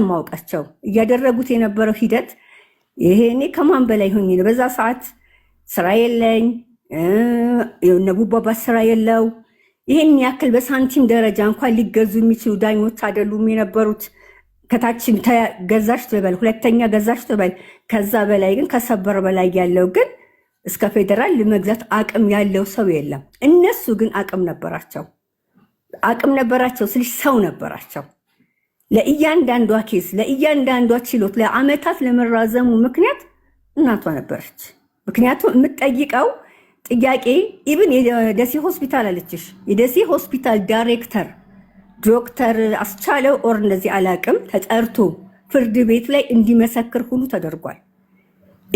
የማውቃቸው እያደረጉት የነበረው ሂደት ይሄ እኔ ከማን በላይ ሆኜ ነው። በዛ ሰዓት ስራ የለኝ የሆነ ስራ የለው ይህን ያክል በሳንቲም ደረጃ እንኳን ሊገዙ የሚችሉ ዳኞች አይደሉም የነበሩት። ከታች ገዛሽ ትበል፣ ሁለተኛ ገዛሽ ትበል። ከዛ በላይ ግን ከሰበር በላይ ያለው ግን እስከ ፌዴራል ለመግዛት አቅም ያለው ሰው የለም። እነሱ ግን አቅም ነበራቸው። አቅም ነበራቸው ስልሽ ሰው ነበራቸው። ለእያንዳንዷ ኬስ ለእያንዳንዷ ችሎት ለአመታት ለመራዘሙ ምክንያት እናቷ ነበረች። ምክንያቱም የምትጠይቀው ጥያቄ ኢብን የደሴ ሆስፒታል አለችሽ፣ የደሴ ሆስፒታል ዳይሬክተር ዶክተር አስቻለው ኦር እንደዚህ አላቅም ተጠርቶ ፍርድ ቤት ላይ እንዲመሰክር ሁሉ ተደርጓል።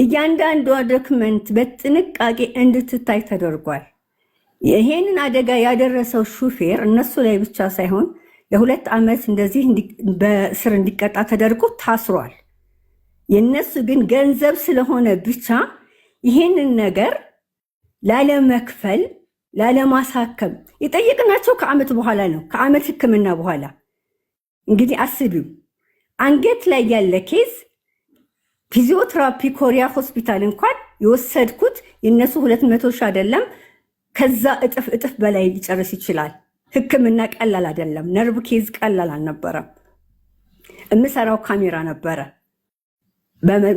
እያንዳንዷ ዶክመንት በጥንቃቄ እንድትታይ ተደርጓል። ይሄንን አደጋ ያደረሰው ሹፌር እነሱ ላይ ብቻ ሳይሆን ለሁለት ዓመት እንደዚህ በእስር እንዲቀጣ ተደርጎ ታስሯል። የእነሱ ግን ገንዘብ ስለሆነ ብቻ ይሄንን ነገር ላለመክፈል ላለማሳከም የጠየቅናቸው ከዓመት በኋላ ነው፣ ከዓመት ሕክምና በኋላ እንግዲህ አስቢው። አንገት ላይ ያለ ኬዝ ፊዚዮትራፒ ኮሪያ ሆስፒታል እንኳን የወሰድኩት የእነሱ ሁለት መቶ ሺህ አይደለም ከዛ እጥፍ እጥፍ በላይ ሊጨርስ ይችላል። ህክምና ቀላል አይደለም። ነርቭ ኬዝ ቀላል አልነበረም። የምሰራው ካሜራ ነበረ።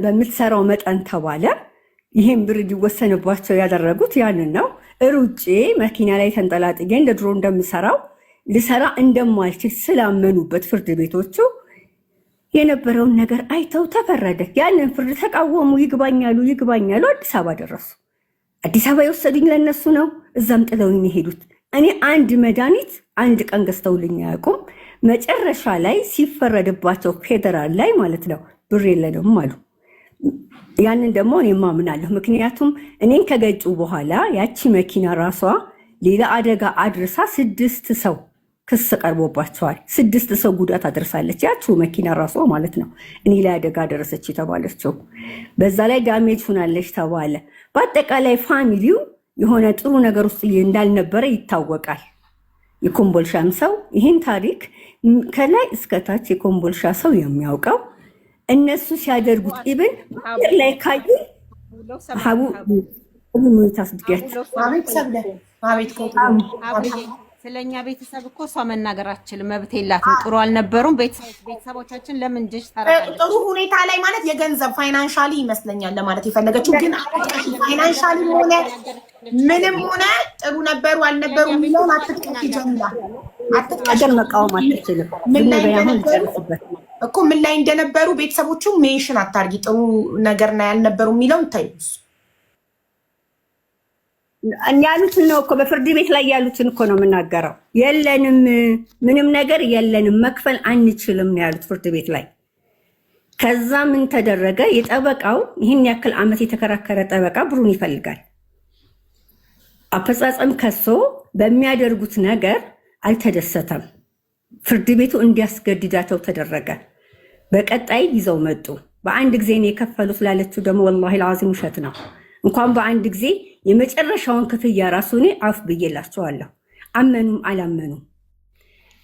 በምትሰራው መጠን ተባለ። ይህም ብር እንዲወሰንባቸው ያደረጉት ያንን ነው። ሩጬ መኪና ላይ ተንጠላጥጌ እንደ ድሮ እንደምሰራው ልሰራ እንደማልችል ስላመኑበት ፍርድ ቤቶቹ የነበረውን ነገር አይተው ተፈረደ። ያንን ፍርድ ተቃወሙ። ይግባኛሉ ይግባኛሉ። አዲስ አበባ ደረሱ። አዲስ አበባ የወሰዱኝ ለእነሱ ነው። እዛም ጥለውኝ የሄዱት እኔ አንድ መድኃኒት አንድ ቀን ገዝተውልኝ አያውቁም። መጨረሻ ላይ ሲፈረድባቸው ፌደራል ላይ ማለት ነው ብር የለንም አሉ። ያንን ደግሞ እኔ ማምናለሁ። ምክንያቱም እኔን ከገጩ በኋላ ያቺ መኪና ራሷ ሌላ አደጋ አድርሳ ስድስት ሰው ክስ ቀርቦባቸዋል። ስድስት ሰው ጉዳት አድርሳለች ያችው መኪና ራሷ ማለት ነው እኔ ላይ አደጋ ደረሰች የተባለችው፣ በዛ ላይ ዳሜጅ ሁናለች ተባለ። በአጠቃላይ ፋሚሊው የሆነ ጥሩ ነገር ውስጥ እንዳልነበረ ይታወቃል። የኮምቦልሻም ሰው ይህን ታሪክ ከላይ እስከታች የኮምቦልሻ ሰው የሚያውቀው እነሱ ሲያደርጉት ኢብን ምድር ላይ ካዩ ሀቡ ሙታስ ድገት ስለኛ ቤተሰብ እኮ እሷ መናገር አትችልም፣ መብት የላትም። ጥሩ አልነበሩም ቤተሰቦቻችን። ለምን ጅሽ ጥሩ ሁኔታ ላይ ማለት የገንዘብ ፋይናንሻሊ ይመስለኛል ለማለት የፈለገችው ግን ፋይናንሻሊ ሆነ ምንም ሆነ ጥሩ ነበሩ አልነበሩ የሚለውን አትጥቀሽ ይጀምላ አትጥቀሽ መቃወም አትችልም። ምን ላይ እኮ ምን ላይ እንደነበሩ ቤተሰቦቹ ሜንሽን አታርጊ። ጥሩ ነገር ና ያልነበሩ የሚለውን ታይሱ ያሉትን ነው እኮ በፍርድ ቤት ላይ ያሉትን እኮ ነው የምናገረው። የለንም፣ ምንም ነገር የለንም፣ መክፈል አንችልም ነው ያሉት ፍርድ ቤት ላይ። ከዛ ምን ተደረገ? የጠበቃው ይህን ያክል ዓመት የተከራከረ ጠበቃ ብሩን ይፈልጋል። አፈጻጸም ከሶ በሚያደርጉት ነገር አልተደሰተም። ፍርድ ቤቱ እንዲያስገድዳቸው ተደረገ። በቀጣይ ይዘው መጡ። በአንድ ጊዜ ነው የከፈሉት ላለችው ደግሞ ወላሂ ለዓዚም ውሸት ነው። እንኳን በአንድ ጊዜ የመጨረሻውን ክፍያ ራሱ እኔ አፍ ብዬላቸዋለሁ። አመኑም አላመኑም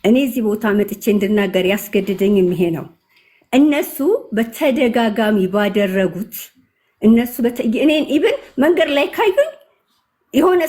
እኔ እዚህ ቦታ መጥቼ እንድናገር ያስገድደኝ ይሄ ነው። እነሱ በተደጋጋሚ ባደረጉት እነሱ እኔን ኢብን መንገድ ላይ ካዩኝ የሆነ